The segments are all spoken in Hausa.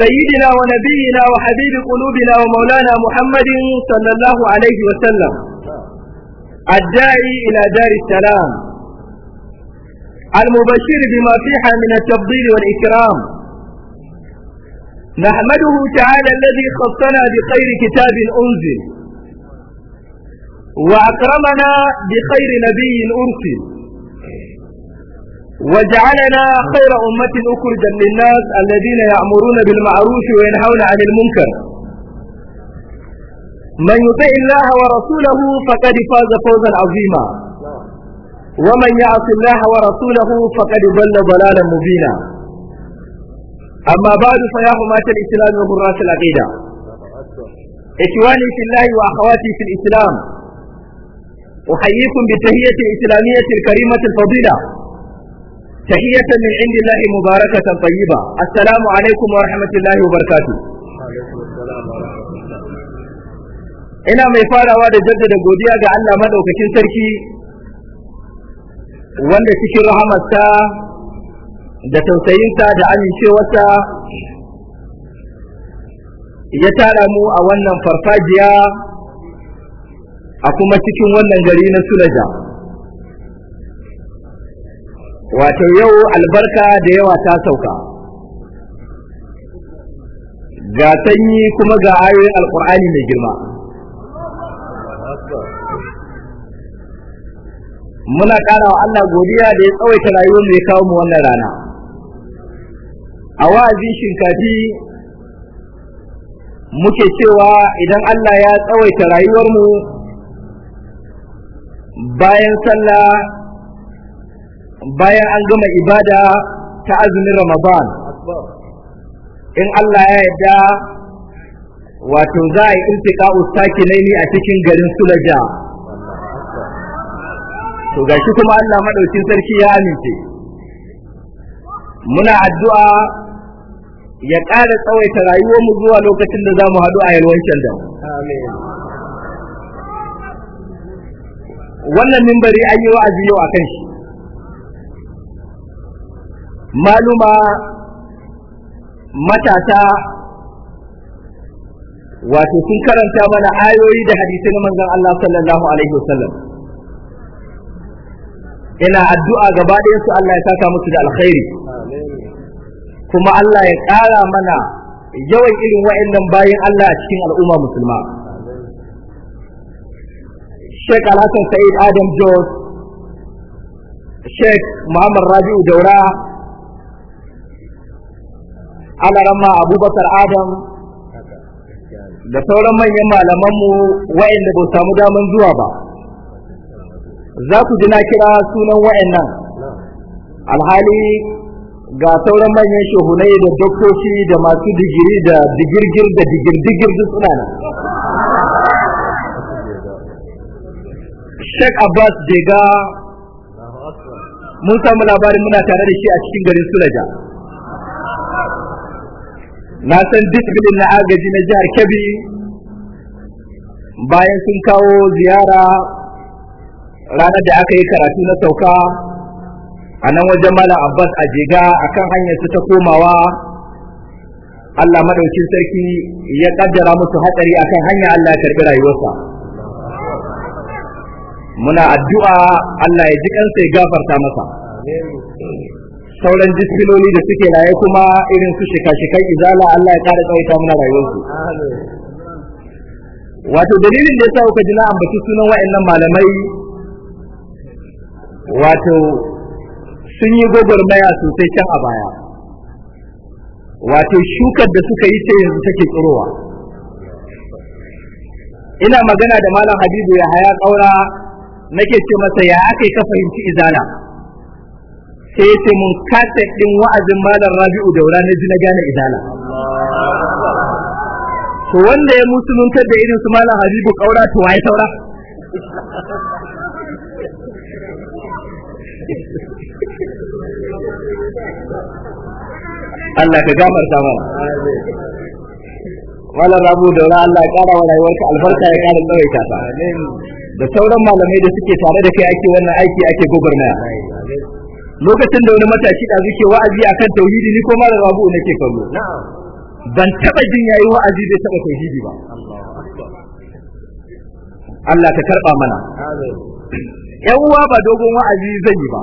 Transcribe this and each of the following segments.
سيدنا ونبينا وحبيب قلوبنا ومولانا محمد صلى الله عليه وسلم الداعي إلى دار السلام المبشر بما فيها من التفضيل والإكرام نحمده تعالى الذي خصنا بخير كتاب أنزل وأكرمنا بخير نبي أرسل وجعلنا خير أمة أخرجا للناس الذين يأمرون بالمعروف وينهون عن المنكر من يطع الله ورسوله فقد فاز فوزا عظيما ومن يعص الله ورسوله فقد ضل ضلالا مبينا أما بعد فيا حماة الإسلام وغراة العقيدة إخواني في الله وأخواتي في الإسلام أحييكم بالتهية الإسلامية الكريمة الفضيلة تحية من عند الله مباركة طيبة السلام عليكم ورحمة الله وبركاته ina mai farawa da jaddada godiya ga Allah madaukakin sarki wanda cikin rahamarsa da tausayinsa da amincewarsa ya tara mu a wannan farfajiya a kuma cikin wannan gari na Sulaja wato yau albarka da yawa ta sauka ga sanyi kuma ga ayoyin alkur'ani mai girma muna ƙara wa Allah godiya da ya tsawaita rayuwar mu ya kawo mu wannan rana a wa'azi shinkafi muke cewa idan Allah ya tsawaita rayuwar mu bayan sallah bayan an gama ibada ta azumin Ramadan in Allah ya yarda wato za a yi intiqa'u ni a cikin garin Sulaja to gashi kuma Allah madaukin sarki ya amince muna addu'a ya ƙara tsawaita mu zuwa lokacin da za mu haɗu a yalwancin da wannan mimbari an yi wa'azi yau a kan shi maluma matasa wato sun karanta mana ayoyi da hadisai na manzon Allah sallallahu alaihi wasallam ina addu'a gaba ɗayan su Allah ya saka musu da alkhairi kuma Allah ya ƙara mana yawan irin wa'annan bayan Allah a cikin al'umma musulma Sheikh Alhassan Sa'id Adam Jos Sheikh Muhammad Rabi'u Daura alarama abubakar adam da sauran manyan malamanmu wa'anda ba samu daman zuwa ba za ku ji na kira sunan nan, alhali ga sauran manyan shahunai da doktoci da masu digiri da digirgir da digirdigir duk suna nan Sheikh Abbas daga mun samu labarin muna tare da shi a cikin garin Sulaja. na san disbilin na agaji na jihar kebbi bayan sun kawo ziyara ranar da aka yi karatu na sauka a nan wajen malam abbas a jega a kan hanyar ta komawa allah maɗaukin sarki ya ƙaddara musu hatsari a kan hanya allah ya karɓi rayuwarsa muna addu'a allah ya ji ƙansa ya gafarta masa sauran jiskiloli da suke raye kuma irin su shika-shikan izala Allah ya kara tsawaita mana rayuwarsu wato dalilin da yasa kuka ji na ambaci sunan wa'annan malamai wato sun yi gwagwarmaya sosai can a baya wato shukar da suka yi ce yanzu take tsirowa ina magana da malam habibu ya haya ƙaura nake ce masa ya aka ka fahimci izala sai ya ce mun kasa ɗin wa'azin malam rabi'u daura na ji na gane idala to wanda ya musuluntar da irin su malam habibu ƙaura to waye saura Allah ka gafarta mana wala rabu da wala Allah ya kara wa rayuwarka albarka ya kara tsawaita ta da sauran malamai da suke tare da kai ake wannan aiki ake gogormaya lokacin da wani matashi da zuke wa'azi akan tauhidi ni ko malam rabu nake kallo ban taba jin yayi wa'azi bai taba tauhidi ba Allah ka karba mana yan uwa ba dogon wa'azi zan yi ba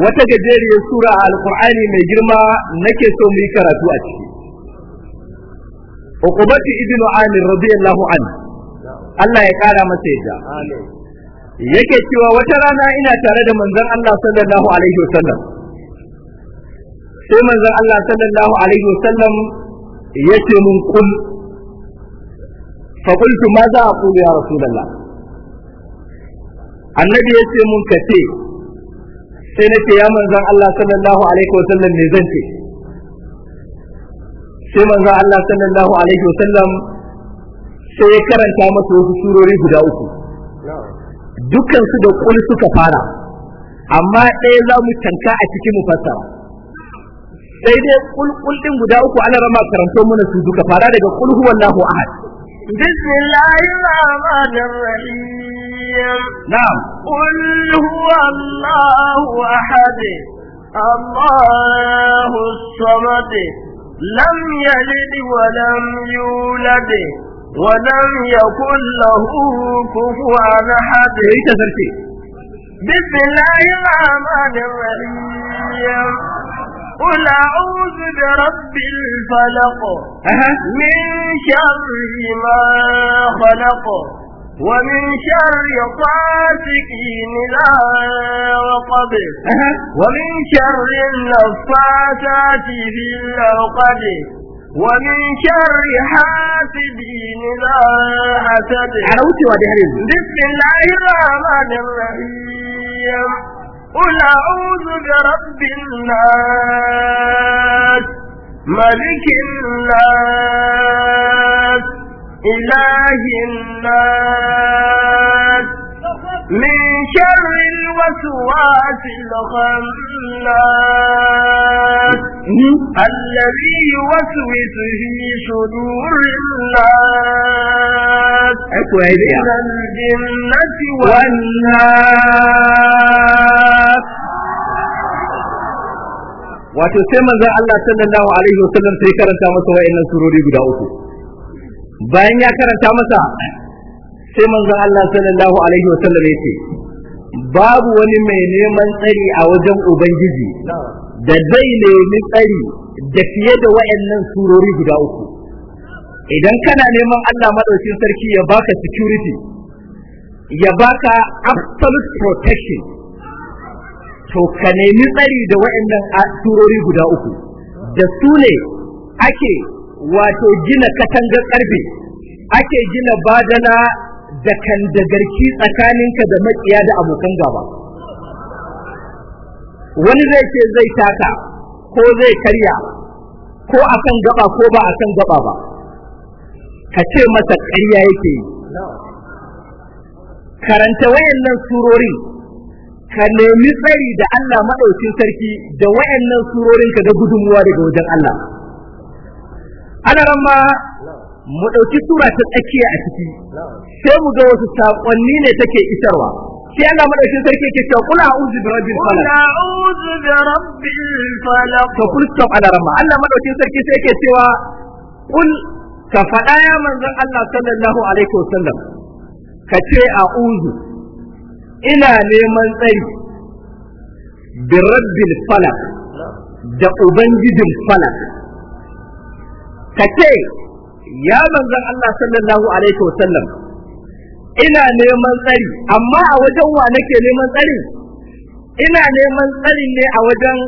wata gajeriyar sura al alkur'ani mai girma nake so mu yi karatu a ciki uqubati ibnu amir radiyallahu anhu Allah ya kara masa yadda amin yake cewa wata rana ina tare da manzon Allah sallallahu alaihi wasallam sai manzon Allah sallallahu alaihi wasallam yace mun kul fa qultu ma za aqulu ya rasulullah annabi ce mun kace sai nake ya manzon Allah sallallahu alaihi wasallam ne zan ce sai manzon Allah sallallahu alaihi wasallam sai ya karanta masa wasu surori guda uku dukkan su da kul suka fara amma ɗaya za mu canka a cikin mufassara sai dai kulkul din guda uku ana rama karanto mana su duka fara daga kul huwallahu ahad bismillahir rahmanir rahim na'am kul huwallahu ahad Allahu samad lam yalid wa lam yulad ولم يكن له كفوا أحد بسم الله الرحمن الرحيم قل أعوذ برب الفلق من شر ما خلق ومن شر طاسك لا وقب ومن شر النفاثات في العقد ومن شر حاسد إلى أسد بسم الله الرحمن الرحيم قل أعوذ برب الناس ملك الناس إله الناس من شر الوسواس الخناس الذي يوسوس في صدور الناس من الجنة والناس wato sai manzon Allah sallallahu alaihi wasallam sai karanta masa wa'annan surori guda uku bayan ya karanta masa sai manzon Allah sallallahu alaihi wa sallam yace babu wani mai neman tsari a wajen ubangiji da zai nemi tsari da fiye da wayannan surori guda uku idan kana neman Allah madaukin sarki ya baka security ya baka absolute protection to ka nemi tsari da wayannan surori guda uku da su ne ake wato gina katangar karfe ake gina badana da kandagarki tsakaninka da maƙiya da abokan gaba wani zai ce zai taka ko zai karya ko kan gaba ko ba akan gaba ba ka ce masa karya yake yi karanta wayannan surori ka nemi tsari da Allah maɗaukin sarki da wayannan surorin ka ga gudunmuwa daga wajen Allah ana ramma mu ɗauki sura ta tsakiya a ciki sai mu ga wasu saƙonni ne take isarwa sai Allah madaukin sarki yake cewa kula a'udhu bi rabbil falaq kula a'udhu bi rabbil falaq to kul stop ala rama Allah madaukin sarki sai yake cewa kul ka faɗa ya manzon Allah sallallahu alaihi wasallam ka ce a'udhu ina neman tsari bi rabbil falaq da ubangijin falaq ka ce ya manzan Allah sallallahu alaihi wasallam ina neman tsari amma a wajen wa nake neman tsari ina neman tsari ne a wajen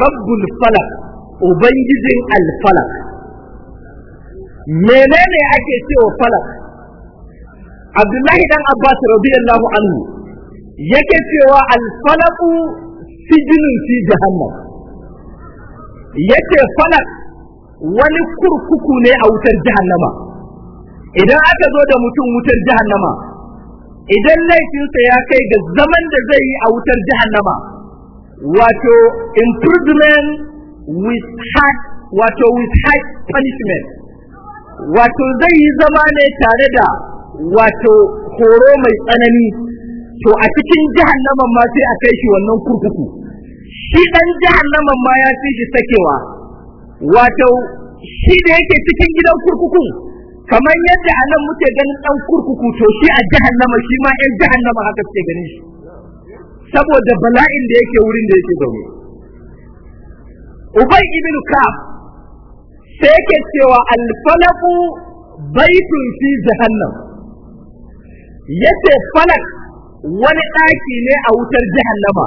rabbul falak ubangijin alfalak menene ake cewa falak abdullahi dan abbas radiyallahu anhu yake cewa alfalaku sijinin fi jahannam yake falak wani kurkuku ne a wutar jahannama idan aka zo da mutum wutar jahannama idan laifinsa ya kai da zaman da zai yi a wutar jahannama wato imprisonment with hard wato with high punishment wato zai yi zama ne tare da wato horo mai tsanani to a cikin jahannaman ma sai a kai shi wannan kurkuku shi dan jahannaman ma ya fi shi sakewa wato shi da yake cikin gidan kurkukun kamar yadda a nan muke ganin ɗan kurkuku to shi a jahannama shi ma ɗan jahannama haka suke ganin shi saboda bala'in da yake wurin da yake zaune ubai ibn kaf sai yake cewa alfalaku baitun fi jahannam yace falak wani ɗaki ne a wutar jahannama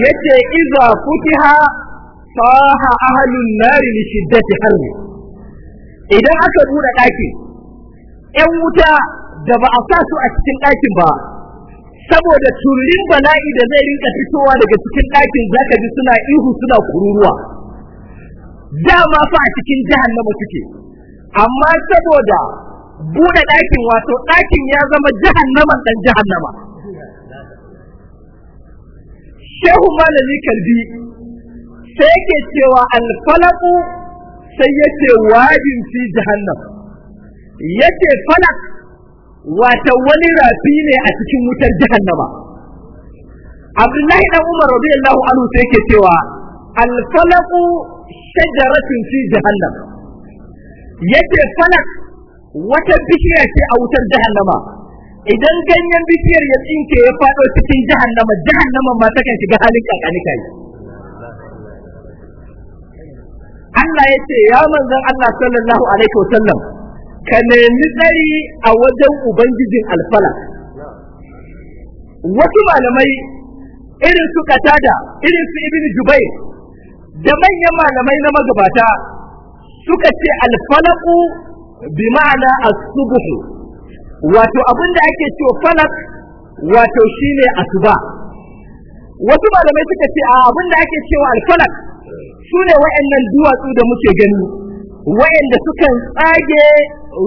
yace iza futiha faha ahlun nari li shiddati harbi idan aka bude daki yan wuta da ba a sa su a cikin dakin ba saboda turin bala'i da zai rinka fitowa daga cikin dakin zaka ji suna ihu suna kururuwa dama fa a cikin jahannama suke amma saboda bude ɗakin wato ɗakin ya zama jahannaman ɗan jahannama. Shehu Malami sai yake cewa alfalaku sai yake wajin fi jahannam yake falak wata wani rafi ne a cikin wutar jahannama Abdullahi dan Umar radiyallahu anhu sai yake cewa alfalaku shajaratun fi jahannam yake falak wata bishiya ce a wutar jahannama idan ganyen bishiyar ya tsinke ya faɗo cikin jahannama jahannama ma kan shiga halin kakanika yi Allah ya ce ya manzan Allah sallallahu alaihi wasallam ka nemi tsari a wajen ubangijin alfala wasu malamai irin su katada irin su ibn jubai da manyan malamai na magabata suka ce alfalaku bi ma'ana as-subh wato da ake cewa falak wato shine asuba wasu malamai suka ce a da ake cewa alfalak su ne waɗannan duwatsu da muke gani waɗanda sukan tsage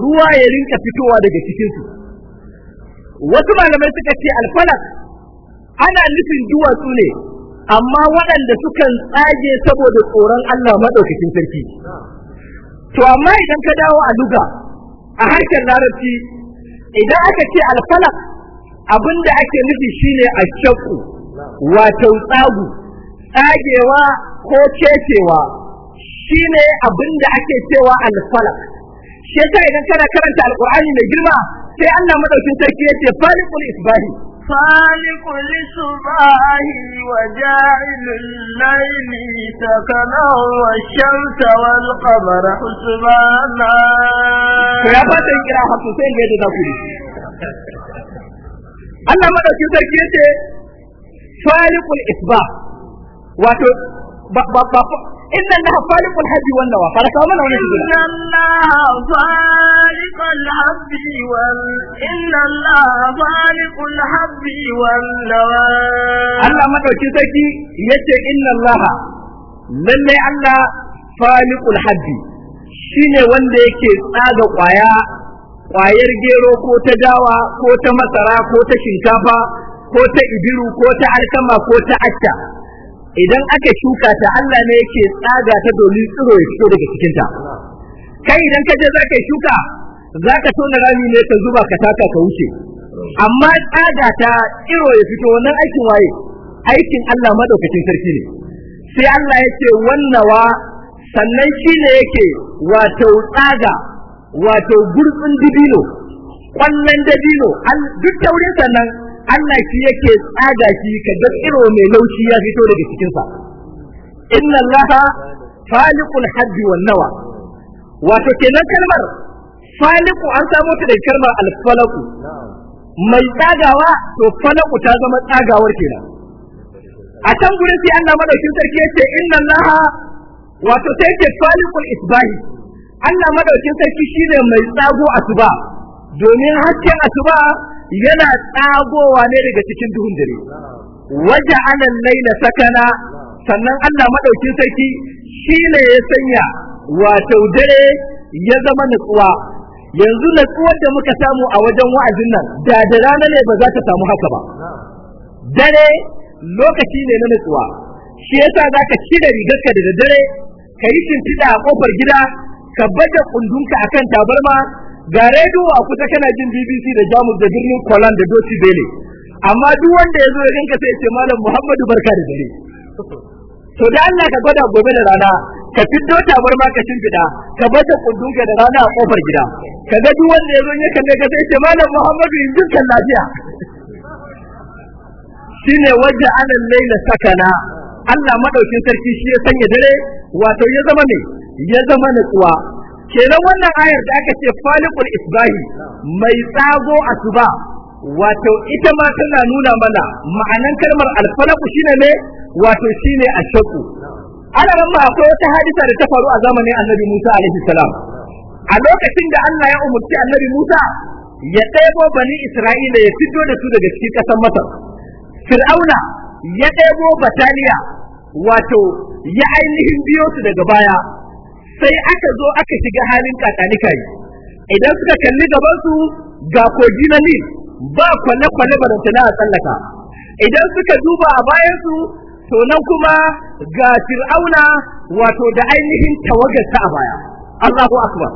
ruwa ya rinka fitowa daga cikinsu wasu malamai suka ce alfalak ana nufin duwatsu ne amma waɗanda sukan tsage saboda tsoron Allah maɗaukacin sarki to amma idan ka dawo a luga a harshen larabci idan aka ce alfalak abin da ake nufi shine shakku wato tsagu tsagewa ko cecewa shine abin da ake cewa al-falak shi yasa idan kana karanta alqur'ani mai girma sai Allah madaukin sarki ya yace falikul isbahi خالق لصباه وجاعل الليل سكنا والشمس والقمر حسبانا يا فاتن كرا حسين da داخلي Allah madaukin sarki ya ce faliqul isbah wato ba ba ba inna allaha faliqul hadi wan nawa fara kawo mana wannan inna allaha faliqul hadi wal inna allaha faliqul hadi wan nawa Allah madauki sarki yace inna allaha lalle Allah faliqul hadi shine wanda yake tsaga kwaya gero ko ta dawa ko ta masara ko ta shinkafa ko ta ibiru ko ta alkama ko ta acca idan aka shuka ta Allah ne yake tsaga ta domin tsiro ya fito daga cikin ta kai idan ka je zaka shuka zaka tona rami ne ka zuba ka taka ka wuce amma tsaga ta tsiro ya fito wannan aikin waye aikin Allah madaukakin sarki ne sai Allah yake wannawa sannan shi ne yake wato tsaga wato gurbin dibino kwallon dabino duk taurin sannan Allah shi yake tsaga shi ka ga tsiro mai laushi ya fito daga cikinsa. inna allaha faliqul haddi wan nawa wato kenan kalmar faliqu an samu ta da kalmar al falaqu mai tsagawa to falaku ta zama tsagawar kenan a can gurin sai Allah madaukin sarki ya ce, inna allaha wato sai yake faliqul isbahi Allah madaukin sarki shine mai tsago asuba domin hasken asuba yana tsagowa ne daga cikin duhun dare waje anan laila sakana sannan Allah madaukin sarki shi ne ya sanya wato dare ya zama nutsuwa yanzu natsuwar da muka samu a wajen wa'azin nan da da rana ne ba za ta samu haka ba dare lokaci ne na nutsuwa shi yasa zaka ka cire rigarka da dare ka yi shimfiɗa a ƙofar gida ka baje kundunka akan tabarma ga rediyo a kusa kana jin BBC da Jamus da birnin Kolan da Doci Bele amma duk wanda ya zo ya rinka sai ce malam Muhammadu barka da dare to da Allah ka gwada gobe da rana ka fito bar ma ka shimfida ka bata kundunka da rana a kofar gida ka ga duk wanda ya zo ya kalle ka sai ce malam Muhammadu ji kan lafiya shine waje anan laila sakana Allah madaukin sarki shi ya sanya dare wato ya zama ne ya zama natsuwa kenan wannan ayar da aka ce falikul isbahi mai tsago asuba wato ita ma tana nuna mana ma'anan kalmar alfalaku shine ne wato shine ashaku ana nan ma akwai wata hadisa da ta faru a zamanin annabi Musa alaihi salam a lokacin da Allah ya umarci annabi Musa ya ɗebo bani Isra'ila ya fito da su daga cikin ƙasar Masar Fir'auna ya ɗebo Bataniya wato ya ainihin biyo su daga baya sai aka zo aka shiga halin kakanika yi idan suka kalli gaban su ga kogi na nil ba kwale-kwale tana a tsallaka idan suka duba a bayan su to nan kuma ga fir'auna wato da ainihin tawagarsa a baya Allahu akbar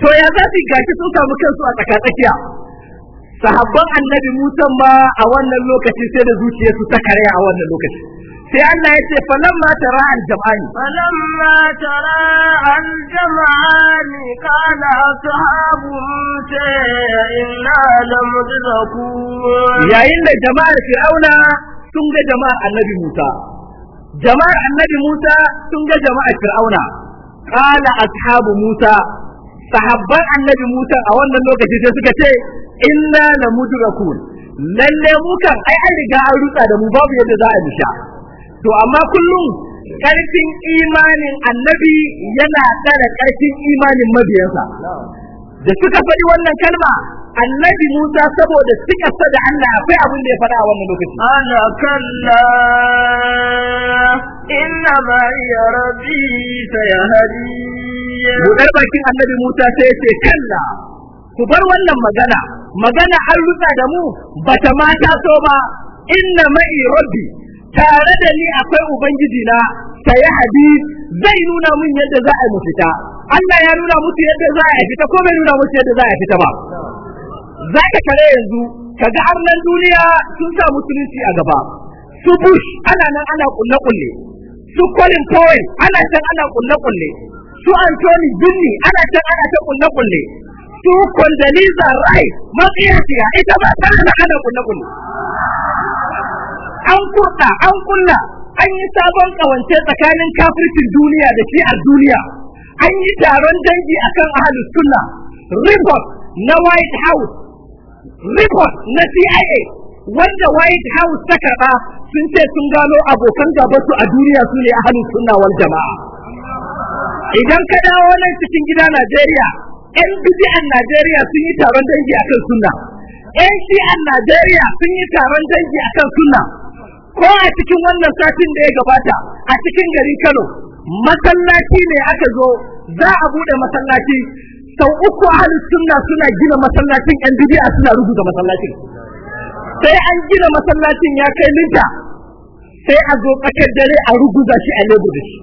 to ya za su gashi sun samu kansu a tsakatsakiya sahabban annabi musan ma a wannan lokaci sai da zuciyarsu ta kare a wannan lokaci sai Allah ya ce falamma tara al-jam'ani falamma tara al-jam'ani qala ashabu musa inna lamudrakun yayin da jama'ar fir'auna sun ga jama'ar annabi Musa jama'ar annabi Musa sun ga jama'ar fir'auna qala ashabu Musa sahabban annabi Musa a wannan lokaci sai suka ce inna lamudrakun lalle mu kan ai an riga an rutsa da mu babu yadda za a bisha to amma kullum karfin imanin annabi yana tsara karfin imanin mabiyansa da suka faɗi wannan kalma annabi Musa saboda suka da Allah akwai abin da ya faɗa a wannan lokaci ana kalla inna ma ya yi hari budar bakin annabi Musa sai ce kalla ku bar wannan magana magana an rutsa da mu bata mata so ba inna ma'i rabbi tare da ni akwai ubangiji na sai hadis zai nuna min yadda za a yi mafita. Allah ya nuna musu yadda za a yi fita ko bai nuna musu yadda za a yi fita ba za ka kare yanzu ka ga arnan duniya sun sa musulunci a gaba su bush ana nan ana kulle kulle su colin powell ana can ana kulle kulle su anthony binni ana can ana ta kulle kulle su Condoleezza Rice matsiyarciya ita ba ta da ana kulle kulle an kurɗa an kunna an yi sabon kawance tsakanin kafircin duniya da shi a duniya an yi taron dangi akan ahalus sunna report na white house report na cia wanda white house ta karɓa sun ce sun gano abokan gabansu a duniya su ne ahalus sunna wal jama'a idan ka dawo nan cikin gida najeriya yan bidi'an najeriya sun yi taron dangi akan sunna yan shi'an najeriya sun yi taron dangi akan sunna ko a cikin wannan satin da ya gabata a cikin garin Kano masallaci ne aka zo za a bude masallaci sau uku a sunna suna gina masallacin yan bid'a suna rubuta masallacin sai an gina masallacin ya kai linta sai a zo tsakar dare a ruguza shi a lebo da shi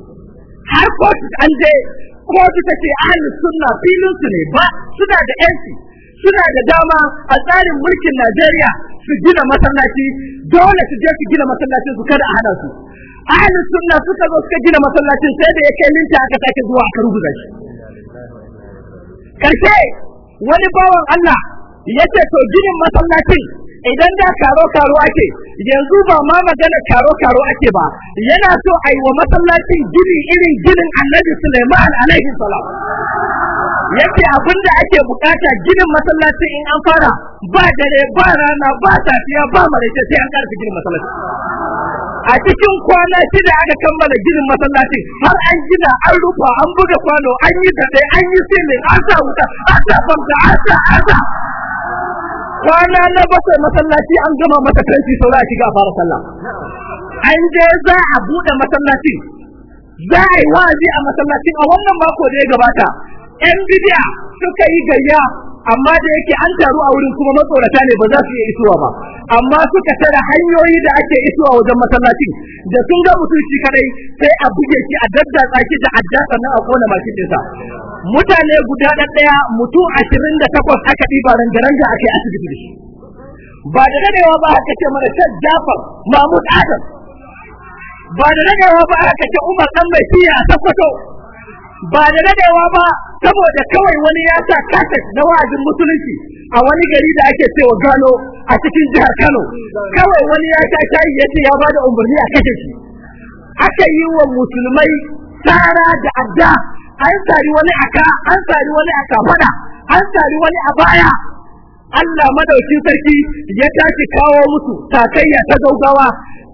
har kotu an je kotu ta ce ahlus sunna filin su ne ba suna da yanci suna da dama a tsarin mulkin Najeriya su gina masallaci dole su je su gina masallacin su kada a hana su ahli sunna suka zo suka gina masallacin sai da ya kai minta aka sake zuwa aka rubuta shi karshe wani bawan Allah yace ce to ginin masallacin idan da karo karo ake yanzu ba ma magana karo karo ake ba yana so a yi wa masallacin gini irin ginin annabi Sulaiman alaihi salam yace abin da ake bukata ginin masallaci in an fara ba dare ba rana ba safiya ba maraice sai an karfi ginin masallaci a cikin kwana shida aka kammala ginin masallaci har an gina an rufa an buga kwano an yi daɗe an yi silin an sa wuta an sa famta an sa an sa kwana na bakwai masallaci an gama masa kanci saura a shiga a fara sallah an je za a buɗe masallaci za a yi wa'azi a masallacin a wannan mako da ya gabata yan bidiya suka yi gayya amma da yake an taru a wurin kuma matsorata ne ba za su iya isuwa ba amma suka tara hanyoyi da ake isuwa wajen masallacin da sun ga mutunci kadai sai a buge shi a dadda tsaki da adda sannan a kona mashin mutane guda ɗaya mutum ashirin da takwas aka ɗiba rangaranga a kai asibiti da shi ba da dadewa ba aka ce mana shan Jafar Mahmud Adam ba da dadewa ba aka ce Umar dan mai a Sokoto ba da dadewa ba saboda kawai wani ya sa kaset na wa'azin musulunci a wani gari da ake cewa gano a cikin jihar Kano kawai wani ya sa shayi ce ya da umarni a kashe shi aka yi wa musulmai tsara da adda an tsari wani aka an tsari wani aka fada an tsari wani a baya Allah madaukin sarki ya tashi kawo musu takayya ta gaugawa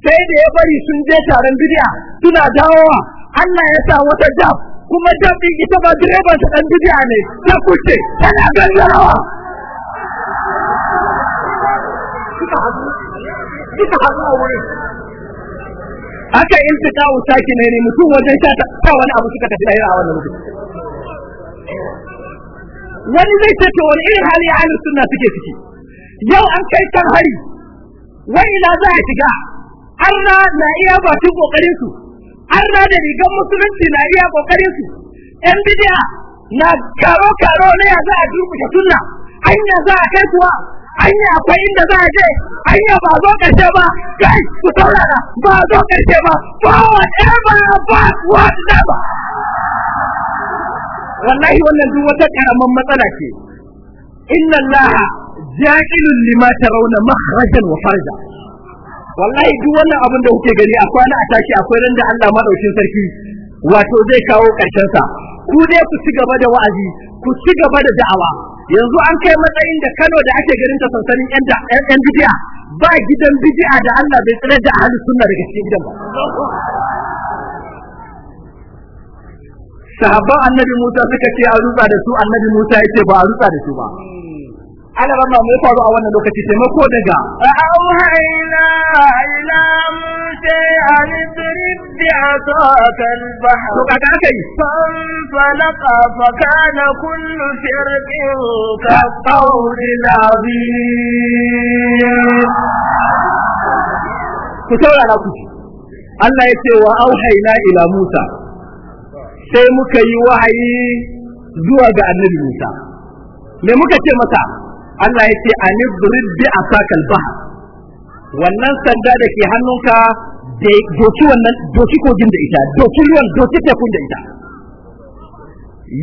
sai da ya bari sun je taron bidiya suna dawowa Allah ya sa wata jaf. kuma ta ita ba direban ta dan dubiya ne ta kuce tana gangarawa suka haɗu haɗu a wurin haka in su kawo saki ne ne mutum wajen sha ta wani abu suka tafi lahira a wannan mutum wani zai ce to wani irin hali ahli sunna suke ciki yau an kai kan hari wai na za a shiga Allah na iya su kokarin su arna da rigar musulunci na iya kokarin su yan bid'a na karo karo ne ya za a durkushe sunna anya za a kai An anya akwai inda za a je anya ba zo karshe ba kai ku saurara ba zo karshe ba forward ever backward ba. wallahi wannan duk wata karaman matsala ce inna allaha ja'ilun lima tarawna makhrajan wa farja wallahi duk wannan abin da kuke gani akwai na ataki akwai ran da Allah madaukin sarki wato zai kawo karshen sa ku dai ku ci gaba da wa'azi ku ci gaba da da'awa yanzu an kai matsayin da Kano da ake garin ta sansanin yan yan bid'a ba gidan bid'a da Allah bai tsare da ahli sunna daga cikin gidan ba sahabban annabi Musa suka ce a rutsa da su annabi Musa yake ba a rutsa da su ba ana rama mai faru a wannan lokaci taimako daga إلى موسى أن اضرب بعصاك البحر فانفلق فكان كل فرق كالطول العظيم ku saurara ku Allah ya ce wa auhaina ila Musa sai muka yi wahayi zuwa ga annabi Musa me muka ce masa Allah ya ce anidrib bi asakal bahr wannan sanda da ke hannunka da doki wannan doki kogin da ita doki ruwan doki tekun da ita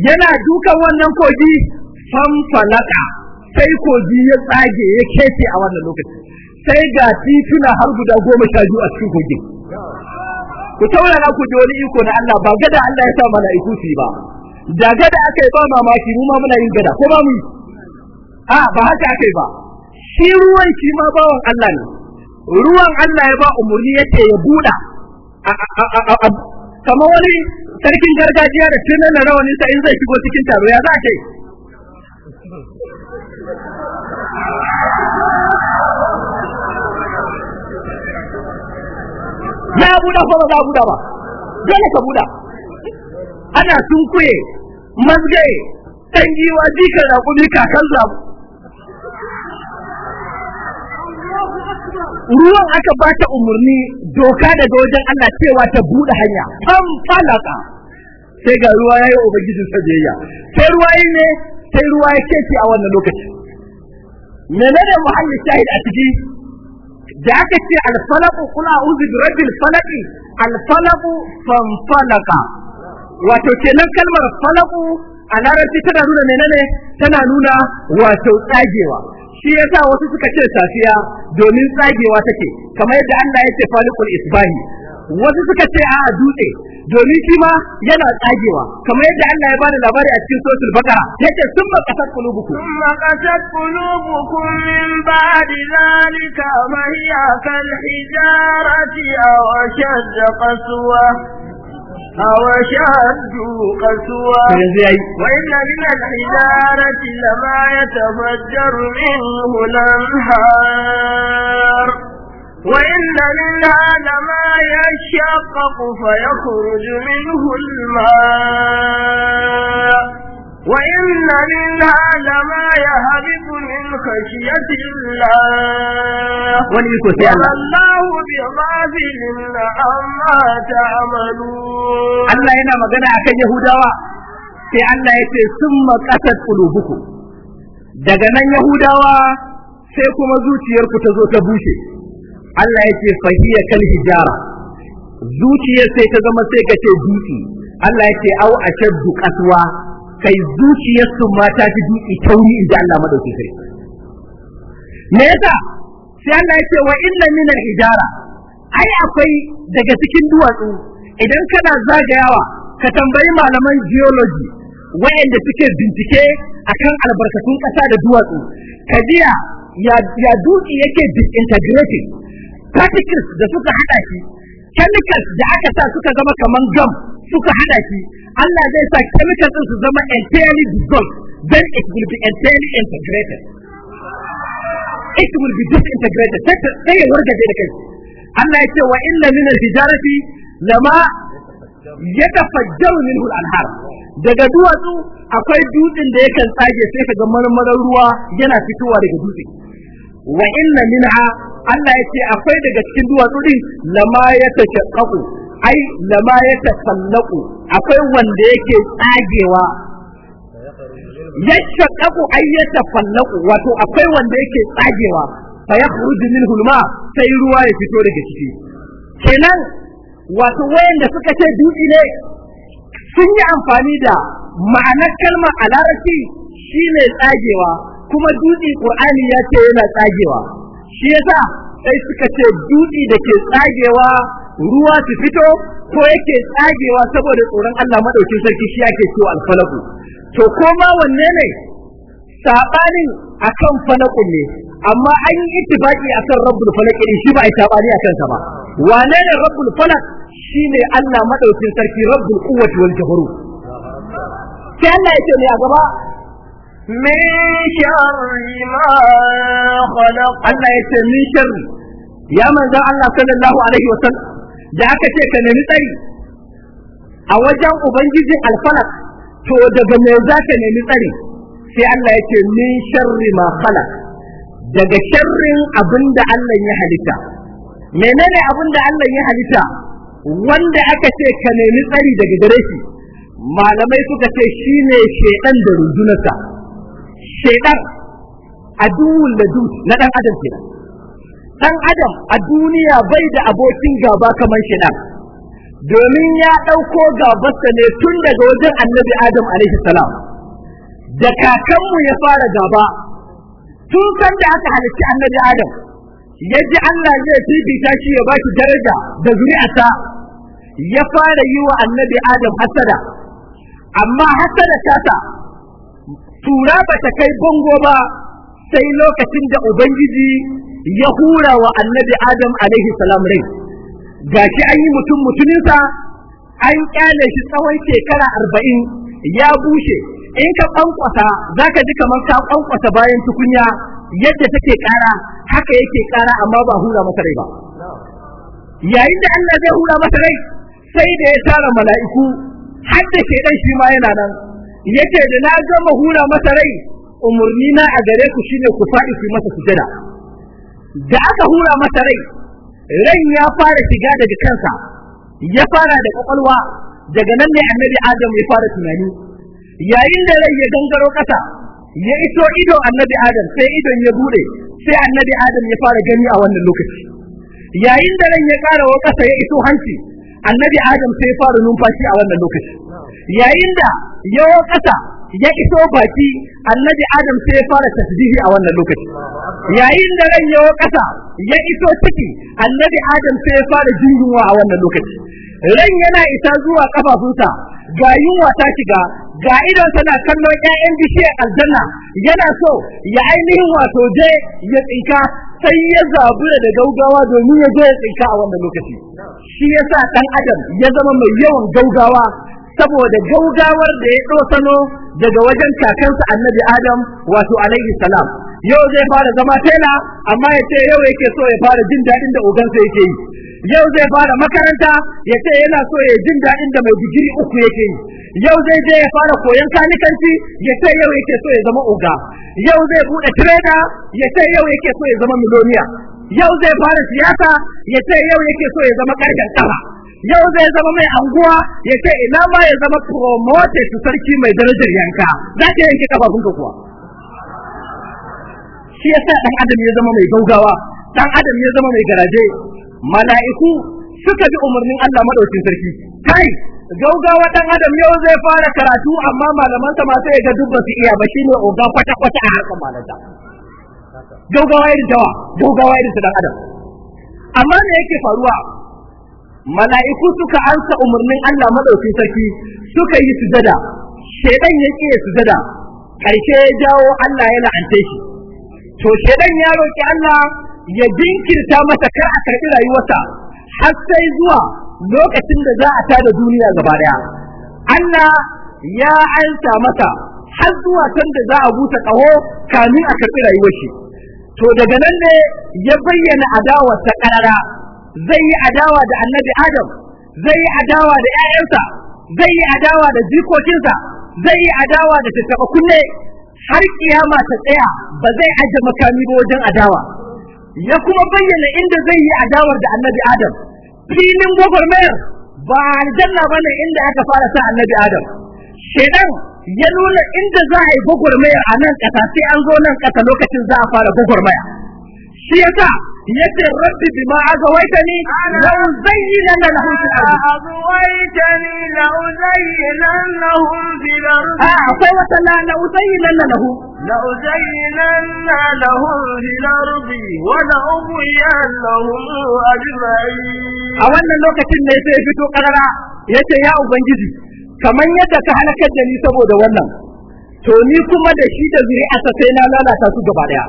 yana dukan wannan kogi fanfalaka sai kogi ya tsage ya kece a wannan lokaci sai ga tituna har guda goma sha biyu a cikin kogin ku taurara ku ji wani iko na Allah ba gada Allah ya sa mala'iku su ba da gada aka yi ba mamaki mu ma muna yin gada ko ba mu a ba haka aka yi ba shi ruwan shi ma bawan Allah ne ruwan Allah ya ba umarni yace ya buɗa kamar wani sarkin gargajiya da tunan na rawanin sa in zai shigo cikin taro ya za ka yi buɗa ko ba za buɗa ba dole ka buɗa ana sunkuye mazgaye ɗan giwa da raƙumi kakan zabu ruwan aka ba ta umarni doka daga wajen Allah cewa ta buɗe hanya fan falaka sai ga ruwa ya yi ubangijin sajiyayya sai ruwa yi ne sai ruwa ya keke a wannan lokaci menene muhallin shahid a ciki da aka ce alfalaku kula uzu bi falaki alfalaku fan falaka wato kenan kalmar falaku a larabci tana nuna menene tana nuna wato tsagewa shi ya sa wasu suka ce safiya domin tsagewa take kamar yadda Allah ya ce falikul isbahi wasu suka ce a dutse domin shi ma yana tsagewa kamar yadda Allah ya bada labari a cikin suratul baqara yace summa Sun qulubukum summa qasat qulubukum min da zalika kan da أو قسوة وإن من الحجارة لما يتفجر منه الأنهار وإن منها لما يشقق فيخرج منه الماء وإن منها لما يهبط من خشية الله وما الله بغافل عما تعملون الله هنا مغنى عن يهوداوا sai Allah ya ce sun ƙulubuku daga nan Yahudawa sai kuma zuciyarku ta zo ta bushe Allah ya ce fahiyya kal hijara zuciyar sai ta zama sai ka dutse Allah ya ce au qaswa kai zuciyarsu mata ta duki tauri in ji Allah madauki kai me yasa sai Allah ya ce wa inna min al-hijara ai akwai daga cikin duwatsu idan kana zagayawa ka tambayi malaman geology wayanda suke bincike akan albarkatun ƙasa da duwatsu kajiya ya ya dutse yake disintegrating particles da suka hada shi chemicals da aka sa suka zama kaman gum suka hada shi Allah zai sa chemical din su zama entirely dissolved then it will be entirely integrated it will be disintegrated sai ya wargaje da kai Allah ya ce wa inna min al-hijarati lama yatafajjaru minhu al-anhar daga duwatsu akwai dutsen da yakan tsage sai ka ga marmarar ruwa yana fitowa daga dutse wa inna minha Allah ya ce akwai daga cikin duwatsu din lama ya tashaqqaqu ai lama ya takallaku akwai wanda yake tsagewa ai ay yatafallaku wato akwai wanda yake tsagewa fa yakhruju minhu alma sai ruwa ya fito daga ciki kenan wato wayanda suka ce dutse ne sun yi amfani da ma'anar kalmar a larabci shine tsagewa kuma dutse qur'ani ya ce yana tsagewa shi yasa sai suka ce dutse da ke tsagewa ruwa su fito ko yake tsagewa saboda tsoron Allah madaukin sarki shi yake cewa alfalaku to ko ma wanne ne sabanin akan falakun ne amma an yi ittifaki akan rabbul falak din shi ba a tabani akan sa ba wane ne rabbul falak shine Allah madaukin sarki rabbul quwwati wal jabarut sai Allah ce ne a gaba min sharri ma khalaq Allah ya manzon Allah sallallahu alaihi wasallam da aka ce ka nemi tsari a wajen ubangiji alfalak to daga me za ka nemi tsari sai Allah ya ce min sharri ma khalaq daga sharrin abinda Allah ya halitta menene abinda Allah ya halitta wanda aka ce ka nemi tsari daga gare shi malamai suka ce shine shedan da rundunarsa shedan aduwul ladud na dan adam kenan dan adam a duniya bai da abokin gaba kamar shi nan domin ya ɗauko gabarsa ne tun daga wajen annabi adam alaihi salam da kakanmu ya fara gaba tun san da aka halicci annabi adam ya ji Allah zai fifita shi ya bashi daraja da zuri'arsa ya fara yi wa annabi adam hasada amma hasada tata tura ba ta kai bango ba sai lokacin da ubangiji ya hura wa annabi adam alaihi salam rai shi an yi mutum mutuminsa an kyale shi tsawon shekara arba'in ya bushe in ka kwankwasa za ka ji kamar ka kwankwasa bayan tukunya yadda take ƙara haka yake kara amma ba hura masa rai ba yayin da Allah zai hura masa rai sai da ya tara mala'iku har da shaidan shi ma yana nan yace da na gama hura masa rai umurni na a gare ku shine ku faɗi ku masa sujada da aka hura masa rai ran ya fara shiga daga kansa ya fara da kwakwalwa daga nan ne annabi adam ya fara tunani yayin da rai ya gangaro kasa ya iso ido annabi adam sai idon ya bude sai annabi adam ya fara gani a wannan lokaci yayin da rai ya kara wa kasa ya iso hanci annabi adam sai ya fara numfashi a wannan lokaci yayin da wa kasa ya iso baki annabi adam sai ya fara tasbihi a wannan lokaci yayin da ran yawo kasa ya iso ciki annabi adam sai ya fara jinjinwa a wannan lokaci ran yana isa zuwa kafafunsa ga yunwa ta shiga ga idon sana kallon ƴaƴan bishiyar aljanna yana so ya ainihin wato je ya tsinka sai ya zabura da gaugawa domin ya je ya tsinka a wannan lokaci shi yasa ɗan adam ya zama mai yawan gaugawa saboda gaugawar da ya ɗosano daga wajen kakansa annabi adam wato alaihi salam yau zai fara zama tela amma ya ce yau yake so ya fara jin daɗin da ogansa yake yi yau zai fara makaranta ya ce yana so ya jin daɗin da mai digiri uku yake yi yau zai je ya fara koyon kanikanci ya ce yau yake so ya zama oga yau zai buɗe tireda ya ce yau yake so ya zama miloniya yau zai fara siyasa ya ce yau yake so ya zama ƙarshen ƙafa yau zai zama mai anguwa ya ce ina ma ya zama promoted su sarki mai darajar yanka za ka yanke kafafunka kuwa shi yasa dan adam ya zama mai gaugawa dan adam ya zama mai garaje mala'iku suka bi umarnin Allah madaukin sarki kai gaugawa ɗan adam yau zai fara karatu amma malaman sa yaga sai ga dubba su iya ba shine oga kwata kwata a harkar malanta gaugawa irin jawa gaugawa irin dan adam amma me yake faruwa mala'iku suka ansa umarnin Allah madaukin sarki suka yi sujada shedan ya ki sujada karshe ya jawo Allah ya la'ance shi to shedan ya roki Allah ya jinkirta masa kar a karbi rayuwarsa har sai zuwa lokacin da za a tada duniya gaba daya Allah ya ansa masa har zuwa can da za a buta kaho kamin a karbi rayuwar shi to daga nan ne ya bayyana adawarsa karara zai yi adawa da annabi adam zai yi adawa da 'ya'yansa zai yi adawa da jikokinsa zai yi adawa da tattaba kunne har kiyama ta tsaya ba zai aje makami ba wajen adawa ya kuma bayyana inda zai yi adawar da annabi adam filin gwagwarmayar ba aljanna ba ne inda aka fara sa annabi adam shedan ya nuna inda za a yi gwagwarmayar a nan ƙasa sai an zo nan ƙasa lokacin za a fara gwagwarmaya shi yasa yace rabbi bima agawaitani la uzayyana lahum fil ardi agawaitani la uzayyana lahum fil ardi ah sai wata la la uzayyana lahum la uzayyana lahum fil ardi wa la ughyan lahum ajma'in a wannan lokacin ne sai fito karara yace ya ubangiji Kamar yadda ka halakar da ni saboda wannan to ni kuma da shi da zuri'arsa sai na lalata su gaba daya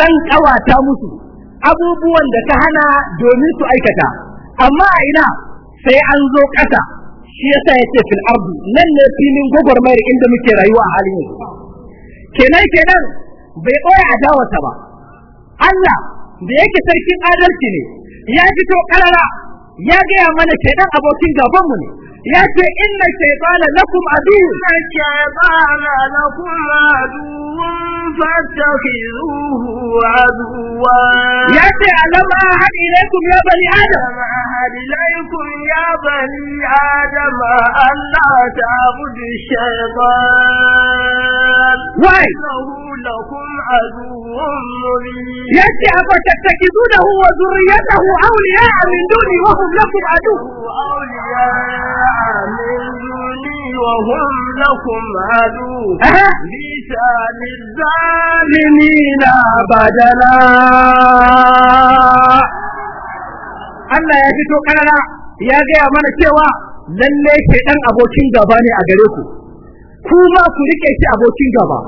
zan kawata musu abubuwan da ta hana domin su aikata amma a ina sai an zo ƙasa shi ya yasa yake fil ardu nan ne filin gwagwarmayar inda muke rayuwa a halin yanzu kenan kenan bai ɓoye adawarsa ba Allah da yake sarkin adalci ne ya fito karara ya gaya mana kenan abokin gabanmu ne ya ce inna shaytana lakum adu shaytana lakum adu فاتخذوه عدوا يأتي ألم أعهد إليكم يا بني آدم أعهد إليكم يا بني آدم أن لا تعبدوا الشيطان وإنه لكم عدو مبين يأتي أفتتخذونه وذريته أولياء من دوني وهم لكم عدو أولياء من دوني وهم لكم عدو بيسان الزاد zalimina badala. Allah ya fito karara ya gaya mana cewa lalle ɗan abokin gaba ne a gare ku ku ma ku rike shi abokin gaba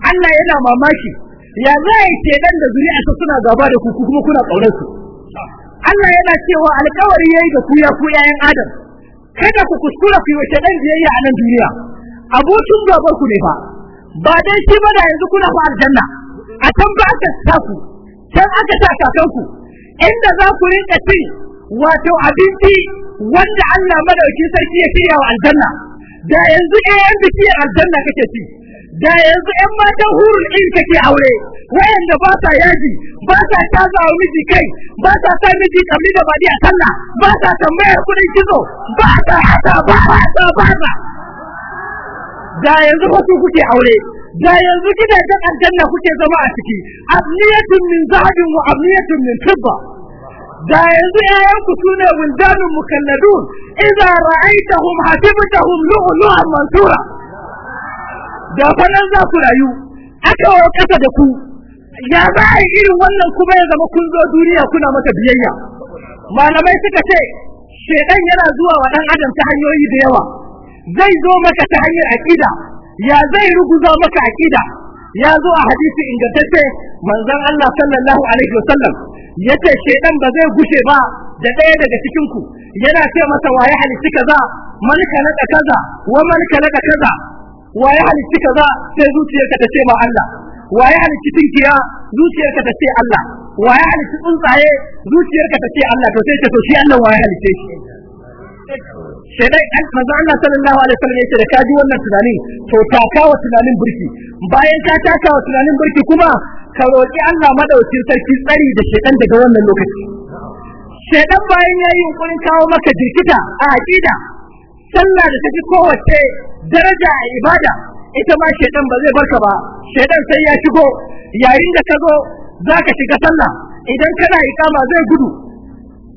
Allah yana mamaki ya zai dan da zuri zuri'arsa suna gaba da ku kuma kuna kaunar su Allah yana cewa alkawari yayi da ku ya ku yayan Adam kada ku kuskura ku yi wa shedan biyayya a nan duniya abokin gaba ku ne fa ba dai shi ba da yanzu kuna fa aljanna a can ba aka sa ku can aka sa kakanku inda za ku rinka cin wato abinci wanda Allah madauki sarki ya shirya wa aljanna da yanzu eh yan bikiyar aljanna kake ci da yanzu yan matan hurul in kake aure wayanda ba sa yaji ba sa kaza wa miji kai ba sa sa miji kamni da badi a sallah ba sa tambayar kudin kizo ba sa hata ba sa ba da yanzu fa kuke aure da yanzu gidajen aljanna kuke zama a ciki abniyatun min zahabin wa abniyatun min fidda da yanzu yayanku sune wildanun mukalladun idza ra'aytahum hasibtahum lu'lu'an mansura da fanan za ku rayu aka wa kasa da ku ya za a yi irin wannan kuma ya zama kun zo duniya kuna mata biyayya malamai suka ce shedan yana zuwa wa dan adam ta hanyoyi da yawa zai zo maka ta hanyar aqida ya zai ruguza maka aqida ya zo a hadisi ingantacce manzon Allah sallallahu alaihi wasallam yace shedan ba zai gushe ba da ɗaya daga cikin ku yana ce masa waye halitta kaza malika naka kaza wa malika naka kaza waye halitta kaza sai zuciyarka ta ce ba Allah waye halitta tinkiya zuciyarka ta ce Allah waye halitta tsuntsaye zuciyarka ta ce Allah to sai ta to shi Allah waye halitta shi sai dai an manzo Allah sallallahu alaihi wasallam yace da kaji wannan tunanin to taka wa tunanin burki bayan ka taka wa tunanin burki kuma ka roki Allah madaukin sarki tsari da shedan daga wannan lokaci shedan bayan yayi yunkurin kawo maka jikita a aqida sallah da take kowace daraja a ibada ita ma shedan ba zai barka ba shedan sai ya shigo yayin da ka zo zaka shiga sallah idan kana iƙama zai gudu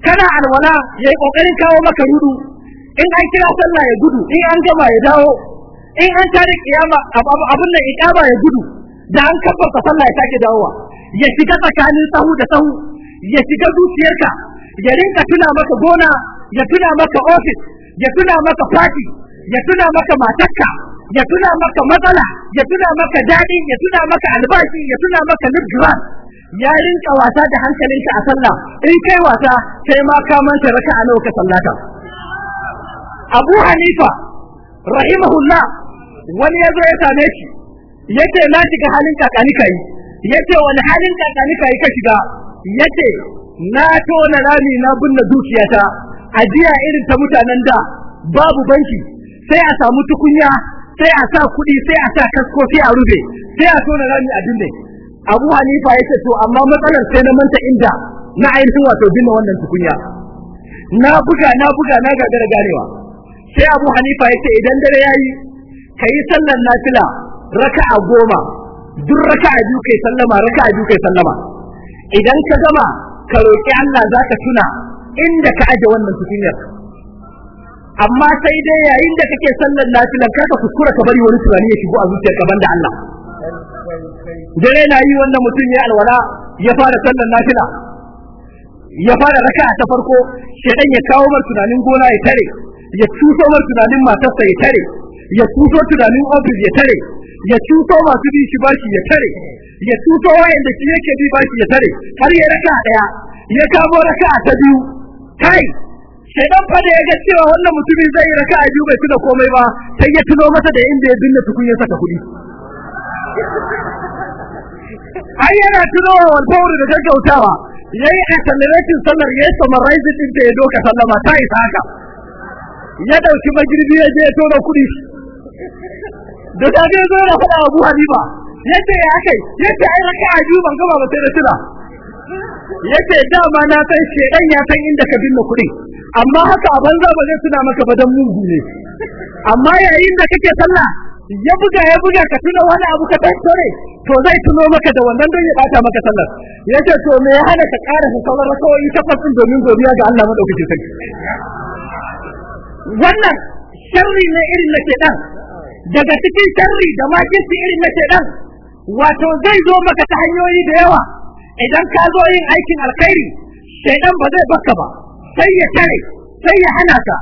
kana alwala yayi kokarin kawo maka rudu in an kira sallah ya gudu in an gama ya dawo in an tare kiyama abin nan ikama ya gudu da an kafa sallah ya sake dawowa ya shiga tsakanin sahu da sahu ya shiga zuciyarka ya rinka tuna maka gona ya tuna maka ofis ya tuna maka fati ya tuna maka matarka ya tuna maka matsala ya tuna maka daɗi ya tuna maka albashi ya tuna maka lirgiran ya rinka wasa da hankalinka a sallah in kai wasa sai ma ka manta raka'a nawa ka sallata abu hanifa rahimahullah wani ya zo ya same shi ya ce na shiga halin ka yi ya ce wani halin ka yi ka shiga ya ce na tona rami na binne dukiyata ajiya irin ta mutanen da babu banki sai a samu tukunya sai a sa kuɗi sai a sa kasko sai a rube, sai a tona rami a binne abu hanifa ya ce to amma matsalar sai na manta inda na ainihin wato binne wannan tukunya na buga na buga na gagara ganewa sai abu hanifa ya ce idan dare ya yi ka yi sallar nafila a goma duk raka a biyu kai sallama raka a biyu kai sallama idan ka gama ka roƙi Allah za ka tuna inda ka aje wannan tukunyar amma sai dai yayin da kake sallar nafila kar ka kuskura ka bari wani tunani ya shigo a zuciyarka banda Allah dare na yi wannan mutum ya alwala ya fara sallar nafila ya fara raka'a ta farko shedan ya kawo mar tunanin gona ya tare ya cuto mar tunanin matarsa ya tare ya tuso tunanin ofis ya tare ya cuto masu bi shi bashi ya tare ya cuto wayanda shi yake bi bashi ya tare har ya raka daya ya kamo raka ta biyu kai sai dan fa da ya ga cewa wannan mutumin zai raka a biyu bai tuna komai ba sai ya tuno masa da inda ya binne ya saka kuɗi ai yana tunowa walfawar da gaggautawa yayi accelerating sallar yayi summarizing din da ya doka sallama ta isa haka ya dauki magirbi ya je ya tona kudi da ta ga zo da fada Abu Hanifa yace ya kai yace ai raka ajiyu ban gaba ba sai da tuna yace dama na san shedan ya san inda ka binne kuɗi. amma haka a banza ba zai tuna maka badan mugu ne amma yayin da kake sallah ya buga ya buga ka tuna wani abu ka tantore to zai tuno maka da wannan don ya bata maka sallar yace to me ya hana ka ƙara sauran yi takwas domin godiya ga Allah madaukakin sarki wannan sharri ne irin na shedan daga cikin sharri da makirci irin na shedan wato zai zo maka ta hanyoyi da yawa idan ka zo yin aikin alkhairi shedan ba zai baka ba sai ya tare sai ya hana ka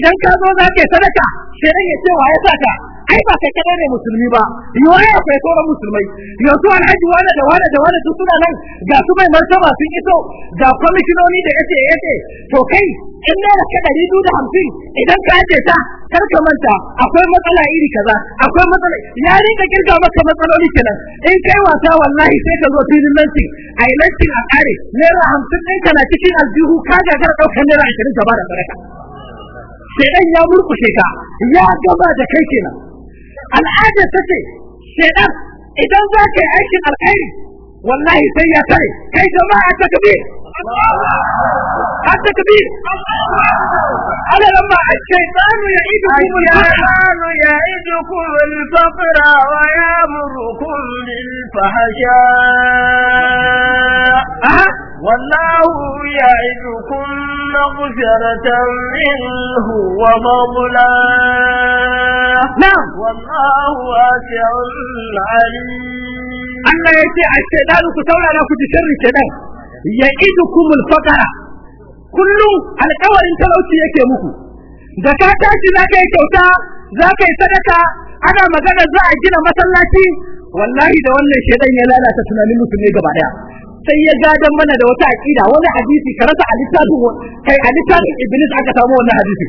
idan ka zo za ka sadaka shedan ya ce wa ya saka ai ba kai kadai ne musulmi ba ya kai to sauran musulmai yanzu alhaji wani da wani da wani duk suna nan ga su mai martaba sun iso ga kwamishinoni da yace yace to kai in ne ka ɗari ridu da hamsin idan ka je ta kar ka manta akwai matsala iri kaza akwai matsala ya rinka kirga maka matsaloli kenan in kai wata wallahi sai ka zo filin lantin a yi lantin a ƙare naira hamsin ɗin kana cikin aljihu ka gagara ɗaukar naira ashirin gaba da baraka sai ɗan ya murkushe ka ya gaba da kai kenan al'adar ta ce shedan idan za ka yi aikin alkhairi wallahi sai ya tare kai jama'a ta kabir حتى كبير أنا لما الشيطان يعيدكم الشيطان يعيدكم الفقر ويامركم بالفحشاء والله يعدكم مغفرة منه ومولاه نعم والله واسع عليم Allah ya الشيطان a shaidanu كنت شر ku ya'idukum al-faqra kullum alƙawarin talauci yake muku da ka tashi za ka yi kyauta za ka yi sadaka ana magana za a gina masallaci wallahi da wannan shaidan ya lalata tunanin mutum ne gaba daya sai ya gadan mana da wata aqida wani hadisi ka rasa a littafin kai a littafin aka samu wannan hadisi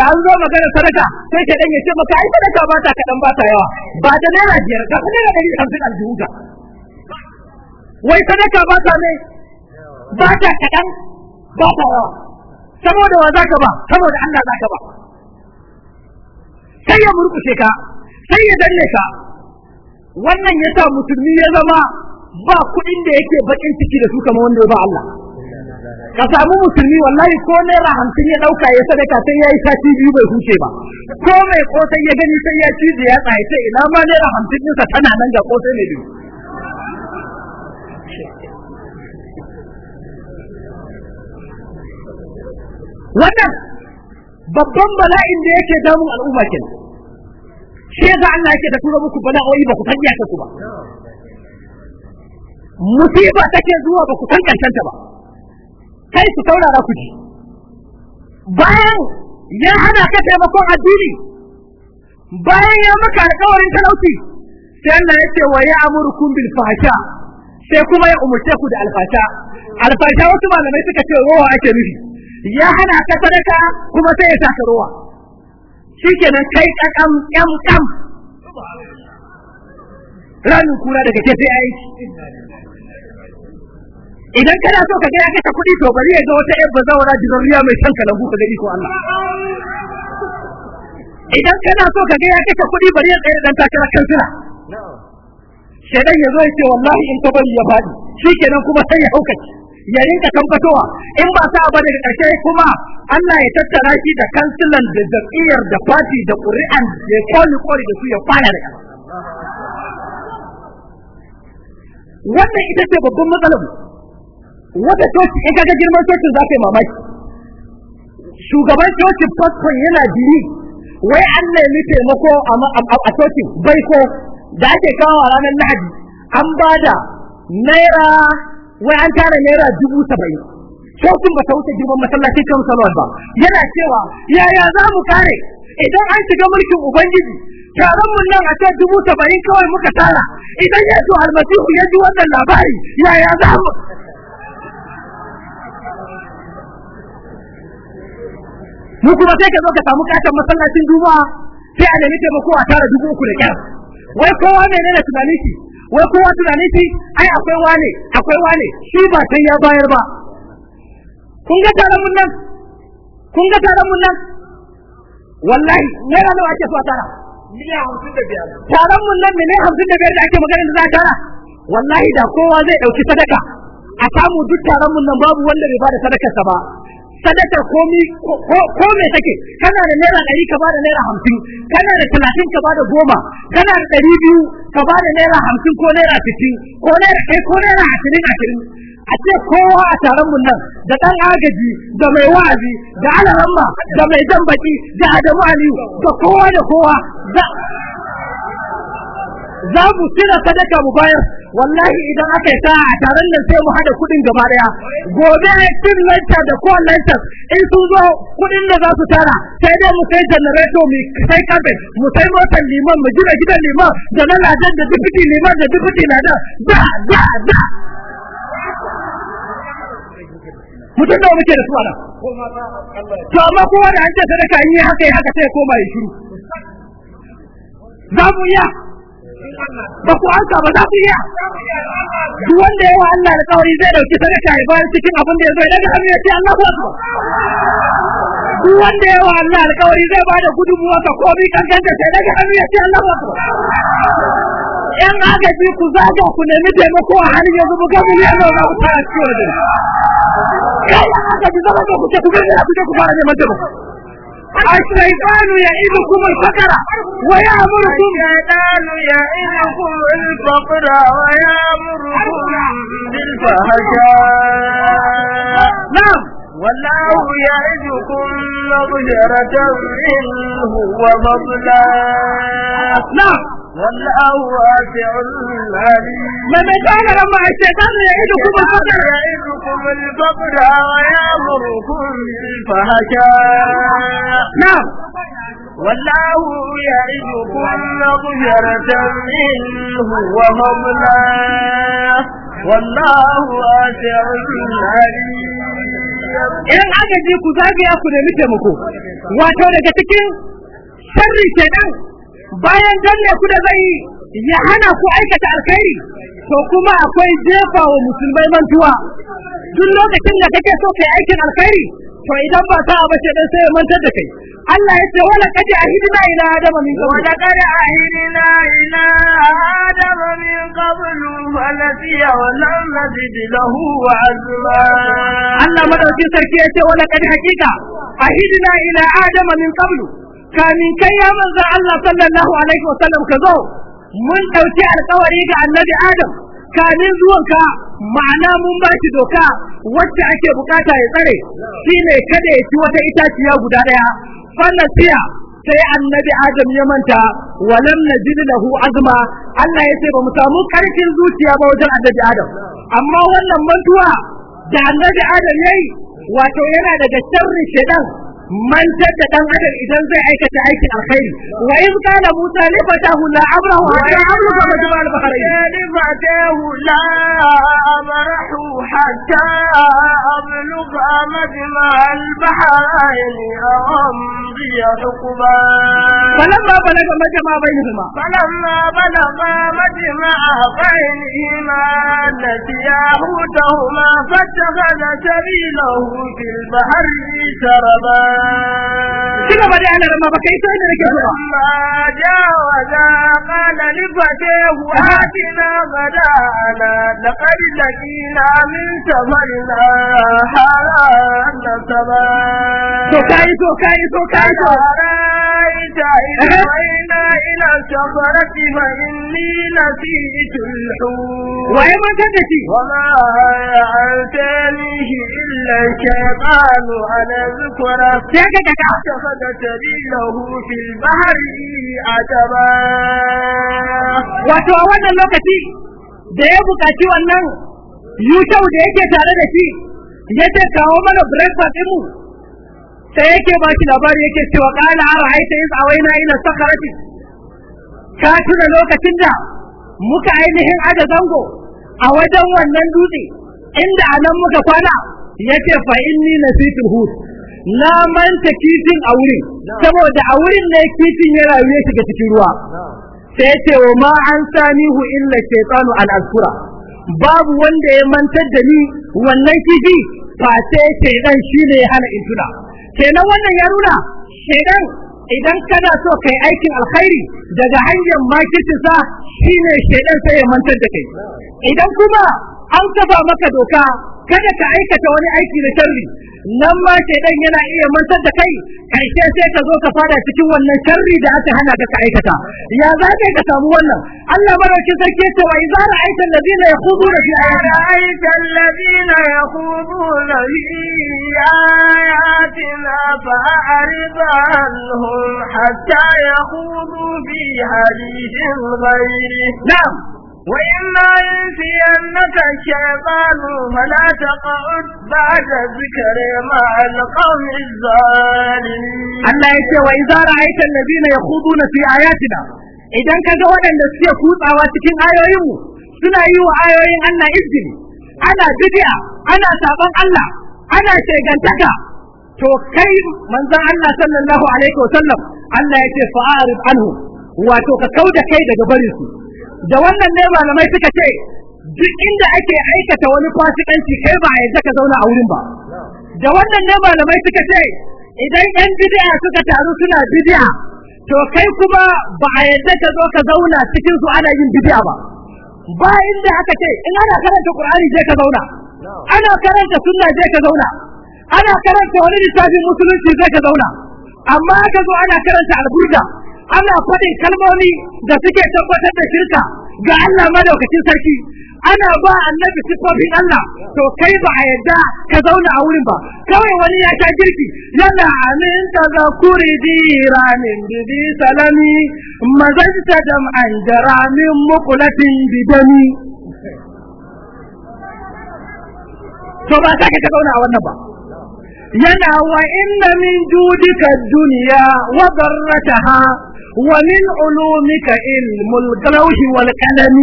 da an zo magana sadaka sai shedan ya ce maka ai sadaka ba ta kadan ba ta yawa ba da naira biyar ka kuma da dari hamsin aljuhuka wai sadaka ba ta ne ba ta kaɗan ba ta yawa saboda wa zaka ba saboda Allah ka ba sai ya murkushe ka sai ya danne ka wannan ya sa musulmi ya zama ba kuɗin da yake baƙin ciki da su kama wanda ya ba Allah ka samu musulmi wallahi ko naira hamsin ya ɗauka ya sadaka sai ya yi sati biyu bai huce ba ko mai kosai ya gani sai ya ci da ya tsaye sai ina ma naira hamsin ɗinsa tana nan ga kosai mai biyu wannan babban bala'in da yake damun al'umma kenan shi yasa Allah yake da tura muku bala'o'i ba ku san iyakar ku ba musiba take zuwa ba ku san karshen ba kai ku saurara ku ji bayan ya hana ka taimakon addini bayan ya maka alƙawarin talauci sai Allah ya ce wa ya amurkum bil fahsha sai kuma ya umurce ku da alfasha alfasha wasu malamai suka ce rowa ake nufi ya hana ka sadaka kuma sai ya saka ruwa shikenan kai kakam 'yan kam ranin kura daga ke sai aiki idan kana so ka gaya kasa kuɗi to bari ya ga wata yabba zawara jizarriya mai shan kalangu ka gani ko Allah idan kana so ka gaya kasa kuɗi bari ya tsaye dan takara kansila shedan ya zo ya ce wallahi in ta bari ya faɗi shikenan kuma sai ya haukace ya rinka tambatowa in ba sa ba daga ƙarshe kuma Allah ya tattara shi da kansilan da jam'iyyar da fati da ƙuri'an ya koli koli da su ya fara da wannan ita ce babban matsalar wata coci in kaga girman cocin za ka yi mamaki shugaban cocin fasfon yana jiri wai an nemi taimako a cocin ko da ake kawo a ranar lahadi an ba da naira wai an tara naira dubu saba'in shokin ba ta wuce girman masallacin kan salawat ba yana cewa yaya za mu kare idan an shiga mulkin ubangiji taron mun nan a ce dubu saba'in kawai muka tara idan ya zo almasihu ya ji wannan labari yaya za mu mu kuma sai ka zo ka samu katon masallacin juma'a sai a nemi taimako a tara dubu uku da kyar wai kowa ne tunanin shi wai kowa tunanin shi ai akwai wane akwai wane shi ba sai ya bayar ba kun ga taron mun nan kun ga taron mun nan wallahi me naira nawa ake so a tara miliyan hamsin da biyar taron mun nan miliyan hamsin da biyar da ake magana da za tara wallahi da kowa zai ɗauki sadaka a samu duk taron mun nan babu wanda bai ba da sadakarsa ba sadaka komi ko me take kana da naira ɗari ka bada naira hamsin kana da talatin ka bada goma kana da ɗari biyu ka bada naira hamsin ko naira sittin ko naira kai ko naira ashirin ashirin a ce kowa a taron mun nan da ɗan agaji da mai wa'azi da alaramma da mai jan baki da adamu aliyu da kowa da kowa za mu cire sadaka mu bayar wallahi idan aka yi sa'a a taron nan sai mu hada kuɗin gaba daya gobe a cin lanta da ko lanta in sun zo kuɗin da za su tara sai dai mu sai janareto mu sai kabe mu sai motar liman mu gina gidan liman da na lajen da dubiti liman da dubiti ladan da da da mutum da muke da su ana to amma kowa da an ce sadaka yi haka ya haka sai koma ya shiru za mu iya ba ku ansa ba za ku iya duk wanda yawa Allah da kawai zai dauki sadaka ya cikin abin da ya zai daga hannu ya ce Allah ko so duk wanda yawa Allah da kawai zai bada gudunmuwa ka komai kankanta sai daga hannu ya ce Allah ko so yan agaji ku zaga ku nemi taimako a hannun yanzu ku gabu ya nuna ku ta ciwo da kai agaji zama ku ce ku gaza ku ce ku fara neman taimako الشيطان يعيدكم الفقر ويأمركم الشيطان يعيدكم الفقر ويأمركم بالفحشاء نعم والله يعدكم مغفرة منه وفضلا نعم والله واسع عليم من كان لما الشيطان يعدكم بالفحشاء نعم والله مغفرة منه والله واسع idan aka ji ku zagaya ku nemi taimako wato daga cikin sharri kenan bayan danne ku da zai ya hana ku aikata alkhairi to kuma akwai jefa wa musulmai mantuwa duk lokacin da kake so kai aikin alkhairi to idan ba ta ba ce dan sai mantar da kai Allah ya ce wala qad ahidna ila adama min qabl wala qad ahidna ila adama min qabl falasiya wa lam najid lahu azma Allah madaukin sarki ya ce wala qad hakika ahidna ila adama min qabl kamin kai ya manzan Allah sallallahu alaihi sallam ka zo mun ɗauki alkawari ga annabi Adam kamin zuwan ka ma'ana mun ba shi doka wacce ake bukata ya tsare shine kada ya ci wata itaciya guda ɗaya siya sai annabi Adam ya manta walam najid lahu azma Allah ya ce ba mu samu karfin zuciya ba wajen annabi Adam amma wannan mantuwa da annabi Adam yayi wato yana daga sharri shedan mantar da dan adam idan zai aikata aikin alkhairi wa in kana musa li fatahu la abrahu hatta abluga majma al bahrain li fatahu la abrahu hatta abluga majma al bahrain am bi hukma falamma balaga majma bainahuma falamma balaga majma bainahuma nasiya hutahuma fattakhadha sabilahu fil bahri saraba ci gaba da yanar ma baka iso inda nake zuwa ma jawaza qala li fatahu atina badana laqad lakina min samarina halan sabah to kai to kai to kai to وإنا إلى السفرة فإني نسيت الحوت وما تدتي وما sai ka kaka fil bahri ataba wato wannan lokaci da ya bukaci wannan yutau da yake tare da shi ce kawo mana breakfast mu sai yake ba shi labari yake cewa qala ara'aita is awaina ila sakarati ka tuna lokacin da muka ainihin aja zango a wajen wannan dutse inda a nan muka kwana yace fa inni nasitu hut na manta kifin a wurin saboda a wurin ne kifin ya rayuwa ga cikin ruwa sai ya ce wa ma an sanihu illa shaytanu al azkura babu wanda ya mantar da ni wannan kifi face shi ne ya hana in tuna kenan wannan ya nuna shaydan idan kana so kai aikin alkhairi daga hanyar makirci sa shine shaydan sai ya mantar da kai idan kuma an kafa maka doka kada ka aikata wani aiki da sharri nan ma dan yana iya mantar da kai karshe sai ka zo ka fada cikin wannan sharri da aka hana ka aikata ya za kai ka samu wannan Allah madaukin sarki ce wa idza ra'aita alladhina yakhuduna fi ayatina alladhina yakhuduna fi ayatina fa'rid anhum hatta yakhudu fi hadithin ghayrih na'am وإما ينسينك الشيطان فلا تقعد بعد الذكر مع القوم الظالمين الله يشاء وإذا رأيت الذين يخوضون في آياتنا idan ka ga waɗanda suke kutsawa cikin ayoyinmu suna yi wa ayoyin Allah izini ana bid'a ana sabon Allah ana shaigantaka, to kai manzon Allah sallallahu alaihi Allah ya ce fa'arid anhu wato ka kauda kai daga barin da wannan ne malamai suka ce duk inda ake aikata wani fasikanci kai ba yadda ka zauna a wurin ba da wannan ne malamai suka ce idan yan bid'a suka taru suna bibiya, to kai kuma ba a yadda ka zo ka zauna cikin su ana yin bid'a ba ba inda aka ce in ana karanta Qur'ani je ka zauna ana karanta sunna je ka zauna ana karanta wani littafin musulunci je ka zauna amma aka zo ana karanta alburda ana faɗin kalmomi da suke tabbatar da shirka ga Allah madaukakin sarki ana ba annabi sifofin Allah to kai ba a yadda ka zauna a wurin ba kawai wani ya ta girki yana amin tazakuri diranin bibi salami mazanta jam'an jaramin mukulatin bidani to ba ta ka zauna a wannan ba yana wa inna min judika duniya wa darrataha ومن علومك علم القلوح والقلم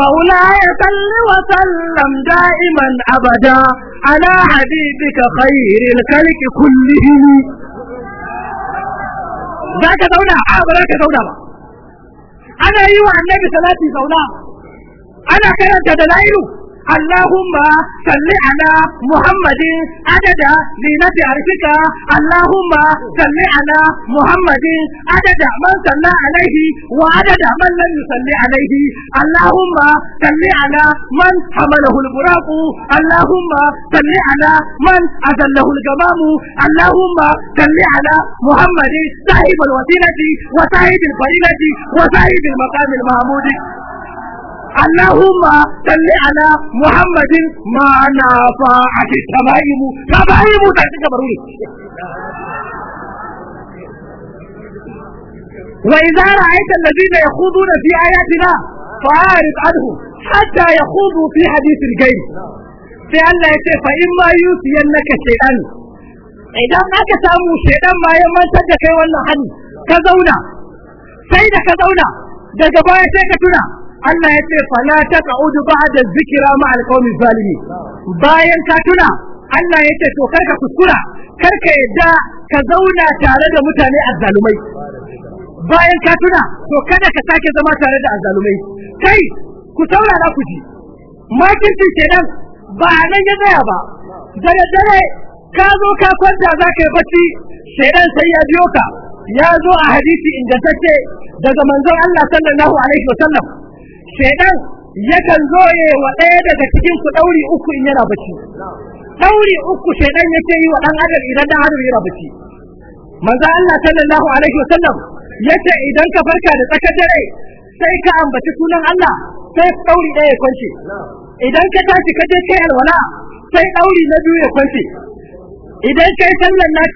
مولاي صل وسلم دائما ابدا على حبيبك خير الخلق كلهم ذاك دولة ذاك دولة أنا ايها النبي صلاتي دولة أنا كانت دلائله اللهم صل على محمد عدد زينة عرشك اللهم صل على محمد عدد من صلى عليه وعدد من لم يصلي عليه اللهم صل على من حمله البراق اللهم صل على من أذله الجمام اللهم صل على محمد صاحب الوسيلة وصاحب الفضيلة وصاحب المقام المحمود Allahumma salli ala Muhammadin ma na fa'ati tabaibu tabaibu ta cika baruri وإذا رأيت الذين يخوضون في آياتنا فأعرض عنهم حتى يخوضوا في حديث الجيل sai Allah ya ce fahimma in ma yusiyannaka shay'an idan aka samu shaydan ma ya da kai wannan hannu. ka zauna sai da ka zauna daga baya sai ka tuna Allah ya ce fala taq'udu ba'da zikra ma alqawmi zalimi bayan ka tuna Allah ya ce to karka kuskura karka yadda ka zauna tare da mutane azzalumai bayan ka tuna to kada ka sake zama tare da azzalumai kai ku saurara ku ji makircin kenan ba nan ya tsaya ba dare dare ka zo ka kwanta za ka yi bacci shaidan sai ya biyo ka ya zo a hadisi ce, daga manzon Allah sallallahu alaihi wasallam shedan yakan zo ya yi wa ɗaya daga cikin ku ɗauri uku in yana bacci ɗauri uku shedan yake yi wa ɗan adam idan ɗan adam yana bacci manzo Allah sallallahu alaihi wasallam yace idan ka farka da tsakar dare sai ka ambaci sunan Allah sai ɗauri ɗaya ya kwance idan ka tashi ka je kai alwala sai ɗauri na biyu ya kwance idan kai sallar na